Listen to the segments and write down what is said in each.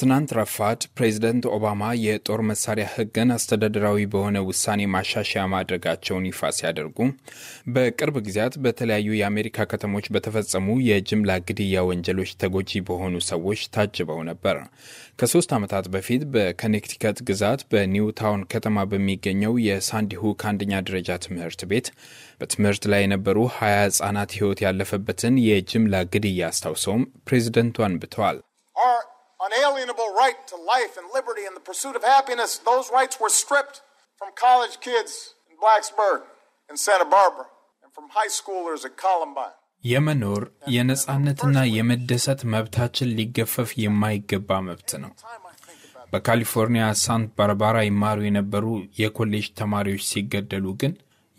ትናንት ረፋድ ፕሬዚደንት ኦባማ የጦር መሳሪያ ሕግን አስተዳደራዊ በሆነ ውሳኔ ማሻሻያ ማድረጋቸውን ይፋ ሲያደርጉ በቅርብ ጊዜያት በተለያዩ የአሜሪካ ከተሞች በተፈጸሙ የጅምላ ግድያ ወንጀሎች ተጎጂ በሆኑ ሰዎች ታጅበው ነበር። ከሶስት ዓመታት በፊት በኮኔክቲከት ግዛት በኒውታውን ከተማ በሚገኘው የሳንዲ አንደኛ ደረጃ ትምህርት ቤት በትምህርት ላይ የነበሩ ሀያ ሕጻናት ሕይወት ያለፈበትን የጅምላ ግድያ አስታውሰውም ብተዋል። አንብተዋል። unalienable right to life and liberty and the pursuit of happiness, those rights were stripped from college kids in Blacksburg and Santa Barbara and from high schoolers at Columbine. የመኖር የነጻነትና የመደሰት መብታችን ሊገፈፍ የማይገባ መብት ነው። በካሊፎርኒያ ሳንት ባርባራ ይማሩ የነበሩ የኮሌጅ ተማሪዎች ሲገደሉ ግን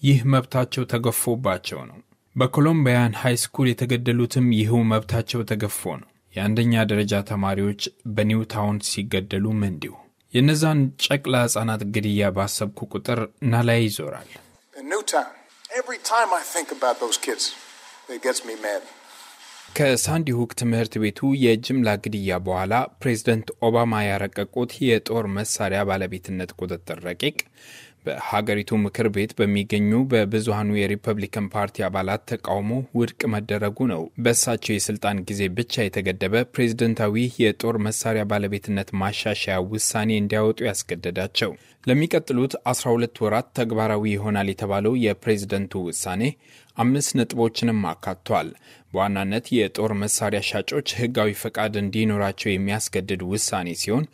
ይህ መብታቸው ተገፎባቸው ነው። በኮሎምቢያን ሃይ ስኩል የተገደሉትም ይህው መብታቸው ተገፎ ነው። የአንደኛ ደረጃ ተማሪዎች በኒው ታውን ሲገደሉም እንዲሁ። የነዛን ጨቅላ ሕፃናት ግድያ ባሰብኩ ቁጥር ናላይ ይዞራል። ከሳንዲሁክ ትምህርት ቤቱ የጅምላ ግድያ በኋላ ፕሬዝደንት ኦባማ ያረቀቁት የጦር መሳሪያ ባለቤትነት ቁጥጥር ረቂቅ በሀገሪቱ ምክር ቤት በሚገኙ በብዙሃኑ የሪፐብሊካን ፓርቲ አባላት ተቃውሞ ውድቅ መደረጉ ነው። በእሳቸው የስልጣን ጊዜ ብቻ የተገደበ ፕሬዝደንታዊ የጦር መሳሪያ ባለቤትነት ማሻሻያ ውሳኔ እንዲያወጡ ያስገደዳቸው ለሚቀጥሉት 12 ወራት ተግባራዊ ይሆናል የተባለው የፕሬዝደንቱ ውሳኔ አምስት ነጥቦችንም አካቷል። በዋናነት የጦር መሳሪያ ሻጮች ህጋዊ ፈቃድ እንዲኖራቸው የሚያስገድድ ውሳኔ ሲሆን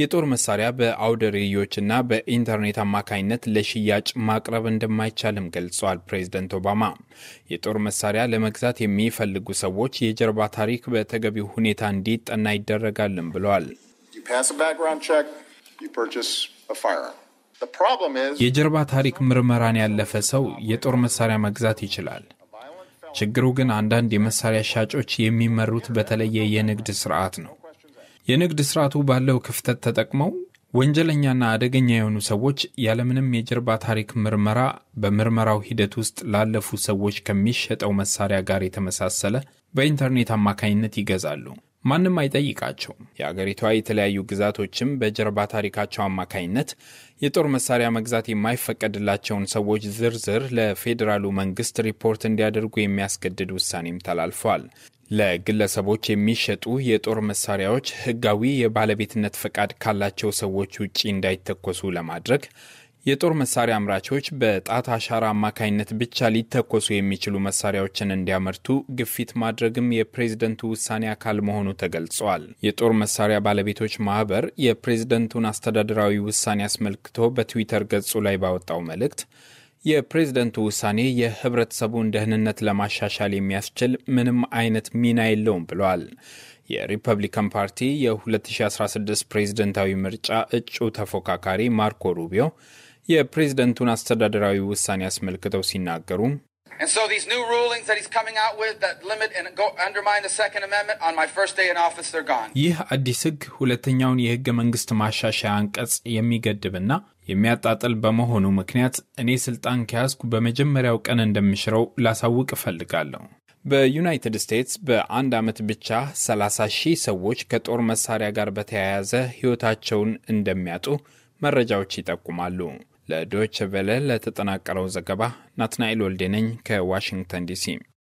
የጦር መሳሪያ በአውደ ርዕዮችና በኢንተርኔት አማካኝነት ለሽያጭ ማቅረብ እንደማይቻልም ገልጸዋል። ፕሬዝደንት ኦባማ የጦር መሳሪያ ለመግዛት የሚፈልጉ ሰዎች የጀርባ ታሪክ በተገቢው ሁኔታ እንዲጠና ይደረጋልም ብለዋል። የጀርባ ታሪክ ምርመራን ያለፈ ሰው የጦር መሳሪያ መግዛት ይችላል። ችግሩ ግን አንዳንድ የመሳሪያ ሻጮች የሚመሩት በተለየ የንግድ ስርዓት ነው። የንግድ ስርዓቱ ባለው ክፍተት ተጠቅመው ወንጀለኛና አደገኛ የሆኑ ሰዎች ያለምንም የጀርባ ታሪክ ምርመራ በምርመራው ሂደት ውስጥ ላለፉ ሰዎች ከሚሸጠው መሳሪያ ጋር የተመሳሰለ በኢንተርኔት አማካኝነት ይገዛሉ። ማንም አይጠይቃቸውም። የአገሪቷ የተለያዩ ግዛቶችም በጀርባ ታሪካቸው አማካኝነት የጦር መሳሪያ መግዛት የማይፈቀድላቸውን ሰዎች ዝርዝር ለፌዴራሉ መንግስት ሪፖርት እንዲያደርጉ የሚያስገድድ ውሳኔም ተላልፏል። ለግለሰቦች የሚሸጡ የጦር መሳሪያዎች ህጋዊ የባለቤትነት ፈቃድ ካላቸው ሰዎች ውጪ እንዳይተኮሱ ለማድረግ የጦር መሳሪያ አምራቾች በጣት አሻራ አማካኝነት ብቻ ሊተኮሱ የሚችሉ መሳሪያዎችን እንዲያመርቱ ግፊት ማድረግም የፕሬዝደንቱ ውሳኔ አካል መሆኑ ተገልጿል። የጦር መሳሪያ ባለቤቶች ማህበር የፕሬዝደንቱን አስተዳደራዊ ውሳኔ አስመልክቶ በትዊተር ገጹ ላይ ባወጣው መልእክት የፕሬዝደንቱ ውሳኔ የህብረተሰቡን ደህንነት ለማሻሻል የሚያስችል ምንም አይነት ሚና የለውም ብለዋል። የሪፐብሊካን ፓርቲ የ2016 ፕሬዝደንታዊ ምርጫ እጩ ተፎካካሪ ማርኮ ሩቢዮ የፕሬዝደንቱን አስተዳደራዊ ውሳኔ አስመልክተው ሲናገሩ And so these new rulings that he's coming out with that limit and go undermine the Second Amendment on my first day in office they're gone. ይህ አዲስ ሕግ ሁለተኛውን የሕገ መንግሥት ማሻሻያ አንቀጽ የሚገድብና የሚያጣጥል በመሆኑ ምክንያት እኔ ስልጣን ከያዝኩ በመጀመሪያው ቀን እንደምሽረው ላሳውቅ እፈልጋለሁ። በዩናይትድ ስቴትስ በአንድ ዓመት ብቻ 30 ሺህ ሰዎች ከጦር መሳሪያ ጋር በተያያዘ ሕይወታቸውን እንደሚያጡ መረጃዎች ይጠቁማሉ። ለዶይቸ ቬለ ለተጠናቀረው ዘገባ ናትናኤል ወልዴ ነኝ ከዋሽንግተን ዲሲ